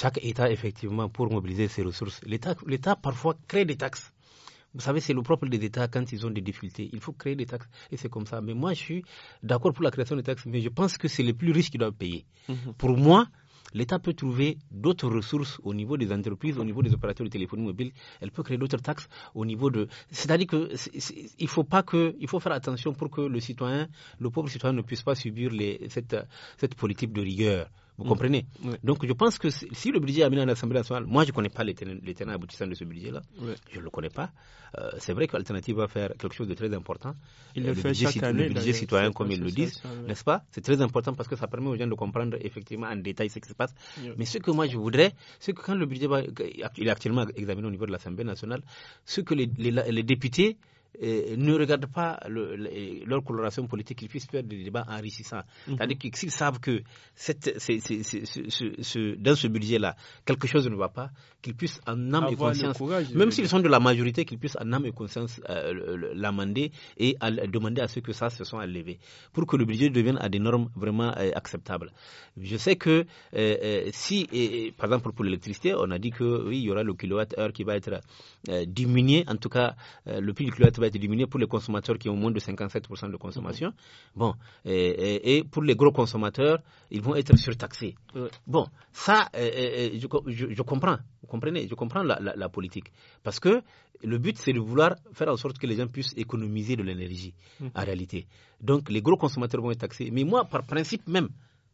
chaque État, effectivement, pour mobiliser ses ressources, l'État parfois crée des taxes. Vous savez, c'est le propre des États quand ils ont des difficultés. Il faut créer des taxes et c'est comme ça. Mais moi, je suis d'accord pour la création des taxes, mais je pense que c'est les plus riches qui doivent payer. Mm-hmm. Pour moi, l'État peut trouver d'autres ressources au niveau des entreprises, au niveau des opérateurs de téléphonie mobile. Elle peut créer d'autres taxes au niveau de. C'est-à-dire qu'il faut pas que, il faut faire attention pour que le citoyen, le pauvre citoyen, ne puisse pas subir cette politique de rigueur vous comprenez mm. Donc je pense que si le budget est amené à l'Assemblée nationale, moi je ne connais pas les tenants, aboutissants de ce budget-là. Je ne le connais pas. Euh, c'est vrai que qu'Alternative va faire quelque chose de très important. Il euh, le, fait budget, chaque le budget citoyen, comme ils le disent, n'est-ce pas C'est très important parce que ça permet aux gens de comprendre effectivement en détail ce qui se passe. Mais ce que moi je voudrais, c'est que quand le budget il est actuellement examiné au niveau de l'Assemblée nationale, ce que les députés ne regardent pas leur coloration politique, qu'ils puissent faire des débats enrichissants. Mhm. C'est-à-dire qu'ils savent que dans ce budget-là, quelque chose ne va pas, qu'ils puissent en âme et conscience, même s'ils sont de la majorité, qu'ils puissent en âme et conscience euh, l'amender et demander à ceux que ça se soit enlevé pour que le budget devienne à des normes vraiment euh, acceptables. Je sais que euh, si, par exemple pour l'électricité, on a dit que oui, il y aura le kilowatt-heure qui va être diminué, en tout cas le prix du kilowatt va être diminué pour les consommateurs qui ont moins de 57% de consommation. Mhm. Bon, et, pour les gros consommateurs, ils vont être surtaxés. Bon, ça, je, comprends, vous comprenez, je comprends la, politique. Parce que le but, c'est de vouloir faire en sorte que les gens puissent économiser de l'énergie, mhm. en réalité. Donc, les gros consommateurs vont être taxés. Mais moi, par principe même,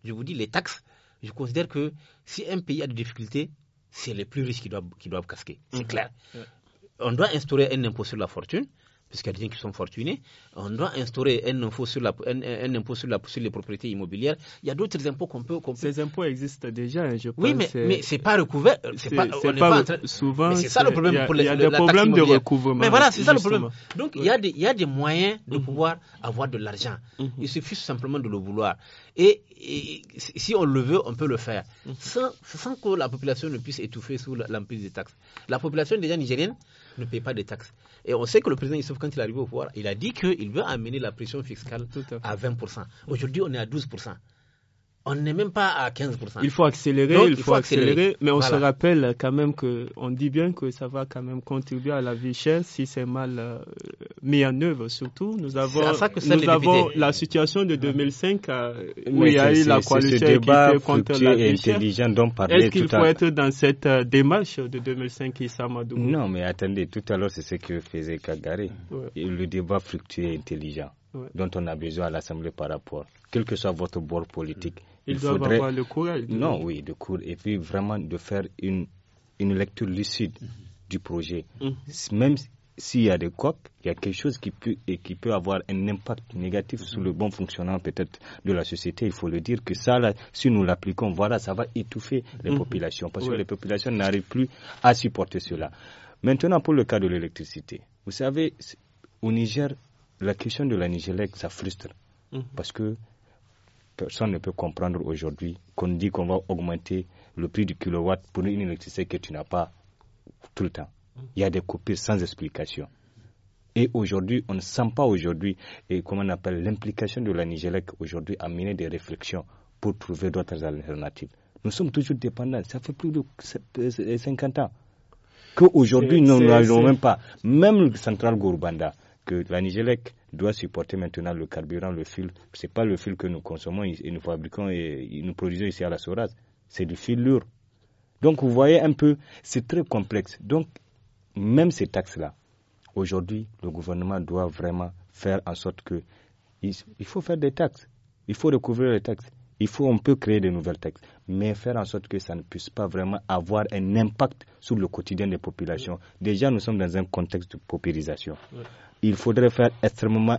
je vous dis, les taxes, je considère que si un pays a des difficultés, c'est les plus riches qui doivent, qui doivent casquer. C'est mhm. clair. On doit instaurer un impôt sur la fortune puisqu'il y a des gens qui sont fortunés, on doit instaurer un impôt sur, les propriétés immobilières. Il y a d'autres impôts qu'on peut, Ces impôts existent déjà, hein, je pense. Oui, mais, ce n'est pas recouvert. C'est pas, Souvent, c'est ça le problème pour les, Il y a des problèmes de recouvrement. Mais voilà, c'est ça le problème. Donc, il, y a des, moyens de mhm. pouvoir avoir de l'argent. Mhm. Il suffit simplement de le vouloir. Et, si on le veut, on peut le faire. Mhm. Sans, que la population ne puisse étouffer sous l'emprise des taxes. La population déjà nigérienne ne paye pas de taxes. Et on sait que le président Youssef, quand il est arrivé au pouvoir, il a dit qu'il veut amener la pression fiscale à 20%. Aujourd'hui, on est à 12% on n'est même pas à 15%. Il faut accélérer, il, faut, accélérer, mais on se rappelle quand même que on dit bien que ça va quand même contribuer à la vie chère si c'est mal euh, mis en œuvre. Surtout, nous avons, nous avons la situation de 2005 euh, où il y a eu la coalition ce débat contre la vie Est-ce qu'il faut être dans cette euh, démarche de 2005 Issamadou Non, mais attendez, tout à l'heure c'est ce que faisait Kagari. le débat fructueux et intelligent dont on a besoin à l'Assemblée par rapport, quel que soit votre bord politique. Mm. Il, faudrait... avoir le courage Non, oui, de courage. Et puis vraiment de faire une, une lecture lucide mm. du projet. Mm. Même s'il y a des coques, il y a quelque chose qui peut, et qui peut avoir un impact négatif sur le bon fonctionnement peut-être de la société. Il faut le dire que ça, si nous l'appliquons, voilà, ça va étouffer les populations parce que les populations n'arrivent plus à supporter cela. Maintenant, pour le cas de l'électricité, vous savez, au Niger, la question de la Nigélec, ça frustre. Mhm. Parce que personne ne peut comprendre aujourd'hui qu'on dit qu'on va augmenter le prix du kilowatt pour une électricité que tu n'as pas tout le temps. Mhm. Il y a des coupures sans explication. Et aujourd'hui, on ne sent pas aujourd'hui, et comment on appelle l'implication de la Nigélec aujourd'hui à mener des réflexions pour trouver d'autres alternatives. Nous sommes toujours dépendants. Ça fait plus de 50 euh, ans qu'aujourd'hui, nous n'arrivons même pas. Même le central Gourbanda, que la Nigélec doit supporter maintenant le carburant, le fil. Ce n'est pas le fil que nous consommons et nous fabriquons et nous produisons ici à la Soraz. C'est du fil lourd. Donc vous voyez un peu, c'est très complexe. Donc même ces taxes-là, aujourd'hui, le gouvernement doit vraiment faire en sorte que il, faut faire des taxes, il faut recouvrir les taxes, il faut on peut créer de nouvelles taxes, mais faire en sorte que ça ne puisse pas vraiment avoir un impact sur le quotidien des populations. Déjà, nous sommes dans un contexte de paupérisation il faudrait faire extrêmement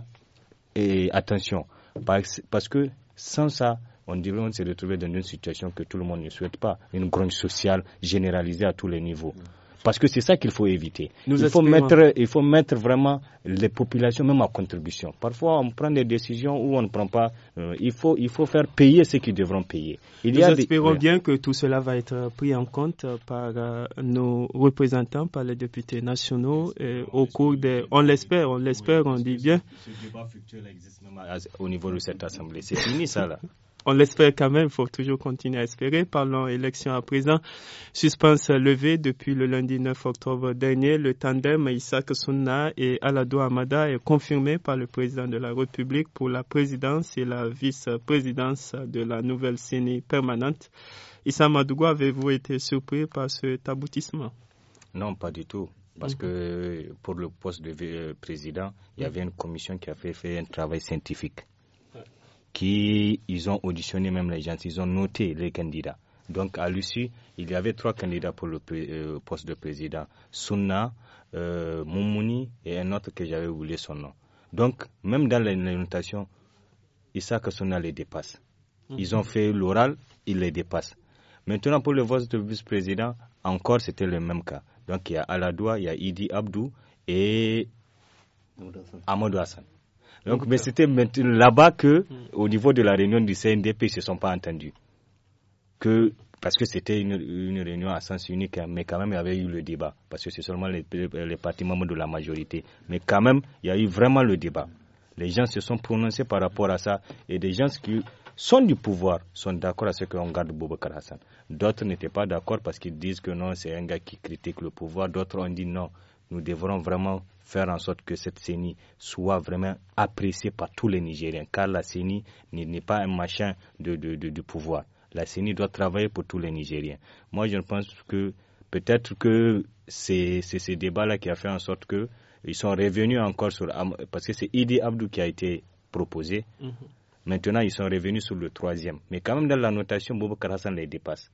eh, attention. Parce, que sans ça, on devrait se retrouver dans une situation que tout le monde ne souhaite pas, une grogne sociale généralisée à tous les niveaux. Mm. Parce que c'est ça qu'il faut éviter. il, faut mettre, il faut mettre vraiment les populations même en contribution. Parfois, on prend des décisions où on ne prend pas. Euh, il, faut, il faut faire payer ceux qui devront payer. nous espérons bien que tout cela va être pris en compte par euh, nos représentants, par les députés nationaux au cours des. On l'espère, on l'espère, on dit bien. Ce débat futur existe au niveau de cette assemblée. C'est fini ça là on l'espère quand même, il faut toujours continuer à espérer. Parlons élection à présent. Suspense levée depuis le lundi 9 octobre dernier. Le tandem Isaac Sunna et Alado Amada est confirmé par le président de la République pour la présidence et la vice-présidence de la nouvelle CENI permanente. Issa Madougou, avez-vous été surpris par cet aboutissement Non, pas du tout parce mhm. que euh, pour le poste de euh, président, il y avait une commission qui avait fait un travail scientifique qui ils ont auditionné même les gens, ils ont noté les candidats. Donc à l'issue, il y avait trois candidats pour le euh, poste de président Sunna, euh, Moumouni et un autre que j'avais oublié son nom. Donc même dans les notations, que Sunna les dépasse. Mhm. Ils ont fait l'oral, ils les dépassent. Maintenant pour le poste de vice-président, encore c'était le même cas. Donc il y a Aladoua, il y a Idi Abdou et Amadou Hassan. Donc, mm. mais c'était là-bas que, mm. au niveau de la réunion du CNDP, ils se sont pas entendus. parce que c'était une, réunion à sens unique, hein, mais quand même, il y avait eu le débat. Parce que c'est seulement les, partis membres de la majorité. Mais quand même, il y a eu vraiment le débat. Les gens se sont prononcés par rapport à ça. Et des gens qui sont du pouvoir sont d'accord à ce qu'on garde Boubacar Hassan. D'autres n'étaient pas d'accord parce qu'ils disent que non, c'est un gars qui critique le pouvoir. D'autres ont dit non, nous devrons vraiment faire en sorte que cette CENI soit vraiment appréciée par tous les Nigériens, car la CENI n'est pas un machin de, de, pouvoir. La CENI doit travailler pour tous les Nigériens. Moi, je pense que peut-être que c'est ce débat-là qui a fait en sorte qu'ils sont revenus encore sur parce que c'est Idi Abdou qui a été proposé. Mhm. Maintenant, ils sont revenus sur le troisième. Mais quand même, dans la notation, Bobo les dépasse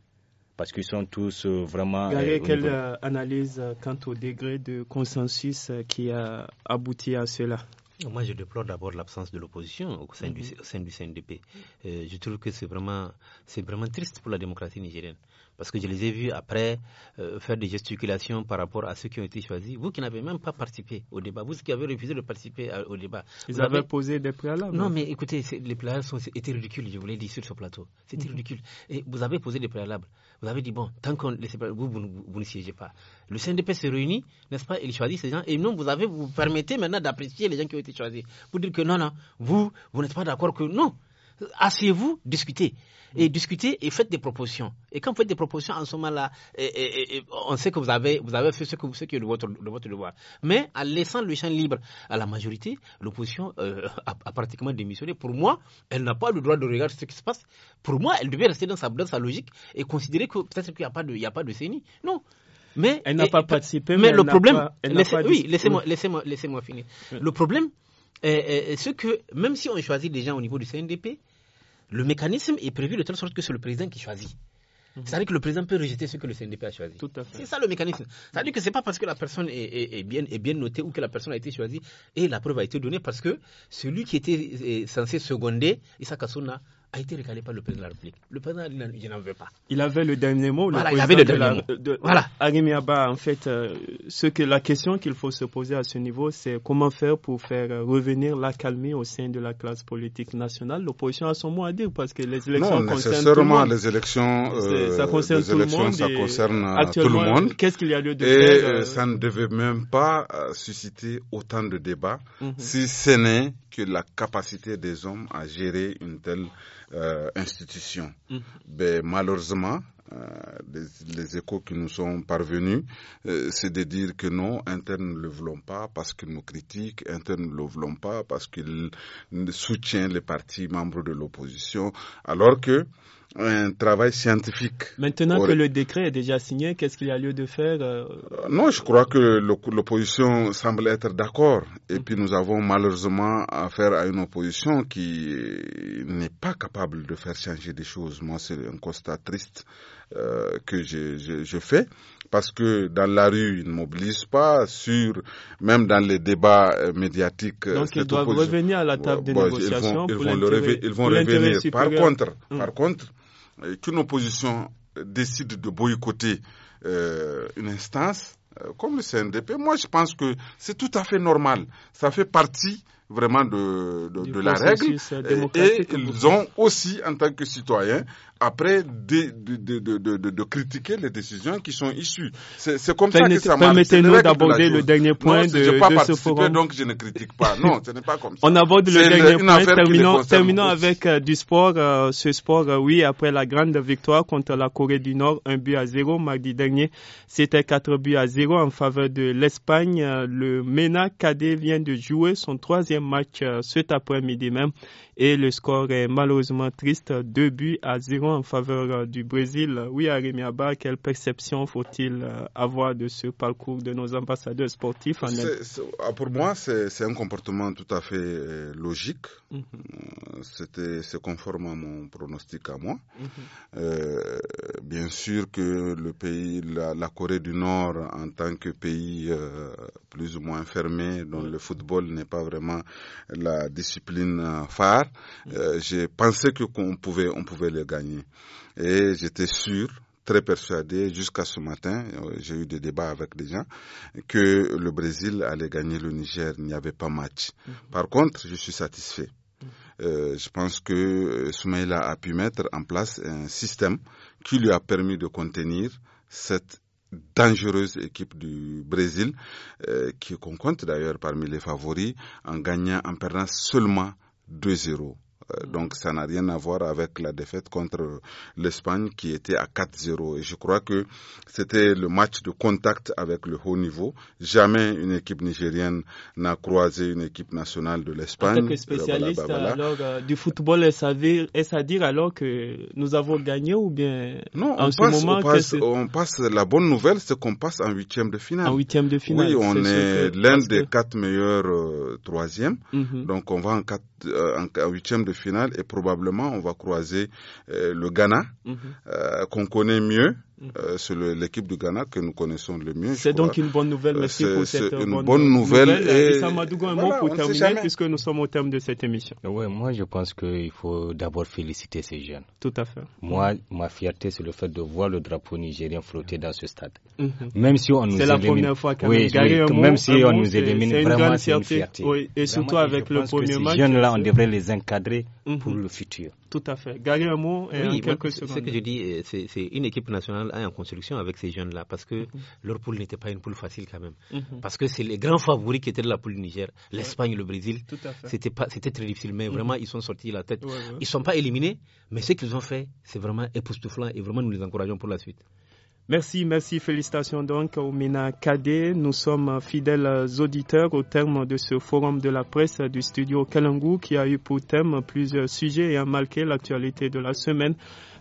parce qu'ils sont tous euh, vraiment. Gary, euh, quelle euh, analyse quant au degré de consensus qui a abouti à cela moi, je déplore d'abord l'absence de l'opposition au, sein du, mhm. sein CNDP. je trouve que c'est vraiment, c'est vraiment triste pour la démocratie nigérienne. Parce que je les ai vus après euh, faire des gesticulations par rapport à ceux qui ont été choisis. Vous qui n'avez même pas participé au débat, vous qui avez refusé de participer au débat. Ils avaient avez... posé des préalables. Non, mais écoutez, les préalables étaient ridicules, je vous l'ai dit sur ce plateau. C'était mhm. ridicule. Et vous avez posé des préalables. Vous avez dit, bon, tant qu'on vous, vous, vous, ne siégez pas. Le CNDP se réunit, n'est-ce pas Il choisit ces gens. Et non, vous avez, vous permettez maintenant d'apprécier les gens qui ont été choisis. Vous dire que non, non, vous, vous n'êtes pas d'accord que non asseyez-vous, discutez. Et mm. discutez et faites des propositions. Et quand vous faites des propositions en ce moment-là, on sait que vous avez, vous avez fait ce que vous savez que votre, de votre devoir. Mais en laissant le champ libre à la majorité, l'opposition euh, a, pratiquement démissionné. Pour moi, elle n'a pas le droit de regarder ce qui se passe. Pour moi, elle devait rester dans sa, dans sa logique et considérer que peut-être qu'il n'y a pas de, CENI. Non. Mais, elle n'a pas participé. Mais, le problème, laissez, oui, laissez-moi, laissez laissez finir. Le problème, et, ce que, même si on choisit des gens au niveau du CNDP, le mécanisme est prévu de telle sorte que c'est le président qui choisit. Mhm. C'est-à-dire que le président peut rejeter ce que le CNDP a choisi. C'est ça le mécanisme. C'est-à-dire que ce n'est pas parce que la personne est, bien, est, bien, notée ou que la personne a été choisie et la preuve a été donnée parce que celui qui était euh, censé seconder Issa Kassouna a été recalé par le président de la République. Le président il n'en veux pas. Il avait le dernier mot. Voilà, il avait le dernier mot. Voilà. voilà. Abba, en fait, euh, ce que, la question qu'il faut se poser à ce niveau, c'est comment faire pour faire euh, revenir la calmie au sein de la classe politique nationale. L'opposition a son mot à dire parce que les élections concernent. tout le monde. les élections. ça euh, concerne les élections, le monde. Ça concerne tout le monde. Qu'est-ce qu'il y a lieu de faire, ça ne devait même pas susciter autant de débats mhm. si ce n'est que la capacité des hommes à gérer une telle euh, institutions. Mais mm-hmm. ben, malheureusement, euh, les, échos qui nous sont parvenus, euh, c'est de dire que non, interne ne le voulons pas parce qu'ils nous critiquent, interne ne le voulons pas parce qu'ils soutiennent les partis membres de l'opposition, alors que un travail scientifique. Maintenant que le décret est déjà signé, qu'est-ce qu'il y a lieu de faire euh? Non, je crois que l'opposition semble être d'accord. Et mm. puis nous avons malheureusement affaire à une opposition qui n'est pas capable de faire changer des choses. Moi, c'est un constat triste euh, que je, je, fais parce que dans la rue, ils ne mobilisent pas, sur, même dans les débats euh, médiatiques. Donc ils doivent revenir à la table des négociations. Ils vont, pour ils vont revenir. Mm. Par contre, par contre, euh, qu'une opposition décide de boycotter euh, une instance, euh, comme le CNDP, moi je pense que c'est tout à fait normal. Ça fait partie vraiment de, de, de la règle. Euh, et ils ont aussi, en tant que citoyens, après de, de de de de critiquer les décisions qui sont issues. C'est comme Permettez, ça que ça Permettez-nous d'aborder le dernier point de, ce forum. Donc je ne critique pas. Non, ce n'est pas comme ça. On aborde le dernier point. Terminons, terminons avec euh, du sport. Euh, ce sport, oui, après la grande victoire contre la Corée du Nord, un but à zéro mardi dernier, c'était quatre buts à zéro en faveur de l'Espagne. Le MENA Cadet vient de jouer son troisième match cet euh, après-midi même. Et le score est malheureusement triste, 2 buts à 0 en faveur euh, du Brésil. Oui, Arémi Abba, quelle perception faut-il euh, avoir de ce parcours de nos ambassadeurs sportifs ah, Pour moi, c'est un comportement tout à fait euh, logique. Mhm. C'était, C'est conforme à mon pronostic à moi. Mhm. bien sûr que le pays, la, Corée du Nord, en tant que pays plus ou moins fermé, dont le football n'est pas vraiment la discipline phare, euh, j'ai pensé je que qu'on pouvait, on pouvait le gagner. Et j'étais sûr, très persuadé jusqu'à ce matin, euh, j'ai eu des débats avec des gens, que le Brésil allait gagner le Niger, il n'y avait pas match. Mhm. Par contre, je suis satisfait. Mhm. Euh, je pense que Soumaïla a pu mettre en place un système qui lui a permis de contenir cette dangereuse équipe du Brésil, qui compte d'ailleurs parmi les favoris, en gagnant, en perdant seulement 2-0 euh, mm. Donc ça n'a rien à voir avec la défaite contre l'Espagne qui était à 4-0. Et je crois que c'était le match de contact avec le haut niveau. Jamais une équipe nigérienne n'a croisé une équipe nationale de l'Espagne. En tant que spécialiste euh, bah, euh, du football, est-ce à, dire, alors que nous avons gagné ou bien non, en ce moment on passe, on passe, La bonne nouvelle, c'est qu'on passe en huitième de finale. En huitième de finale. Oui, on est, l'un des quatre meilleurs troisièmes. Mhm. Donc on va en, en, huitième de finale et probablement on va croiser euh, le Ghana, mhm. euh, qu'on connaît mieux Mm. Euh, c'est l'équipe du Ghana que nous connaissons le mieux. C'est donc une bonne nouvelle, merci pour cette une bonne, nouvelle. Et... et Samadougou, un mot pour terminer, puisque nous sommes au terme de cette émission. Oui, moi je pense qu'il faut d'abord féliciter ces jeunes. Tout à fait. Moi, ma fierté, c'est le fait de voir le drapeau nigérien flotter dans ce stade. Mm-hmm. Même si on nous élimine. C'est la première fois qu'on oui, un Même si on nous élimine, vraiment, c'est une fierté. et surtout avec le premier match. Ces jeunes-là, on devrait les encadrer mm-hmm. pour le futur. Tout à fait. Gagnez un mot et en quelques secondes. Ce que je dis, euh, c'est une équipe nationale en construction avec ces jeunes-là parce que mhm. leur poule n'était pas une poule facile quand même. Mhm. Parce que c'est les grands favoris qui étaient de la poule du Niger, l'Espagne, le Brésil. C'était très difficile, mais mhm. vraiment, ils sont sortis la tête. Ils ne sont pas éliminés, mais ce qu'ils ont fait, c'est vraiment époustouflant et vraiment, nous les encourageons pour la suite. Merci, merci. Félicitations donc au Mina KD. Nous sommes fidèles auditeurs au terme de ce forum de la presse du studio Kalangu qui a eu pour thème plusieurs sujets et a marqué l'actualité de la semaine.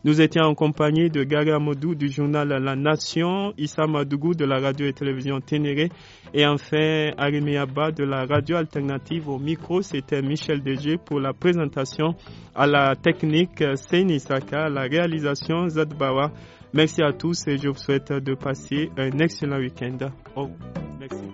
Nous étions en compagnie de Gary Amodou du journal La Nation, Issa Madougou de la radio et télévision Ténéré et enfin Arimé Abba de la radio alternative au micro. C'était Michel Degé pour la présentation à la technique Seine la réalisation Zadbawa. Merci à tous et je vous souhaite de passer un excellent week-end. Oh, merci.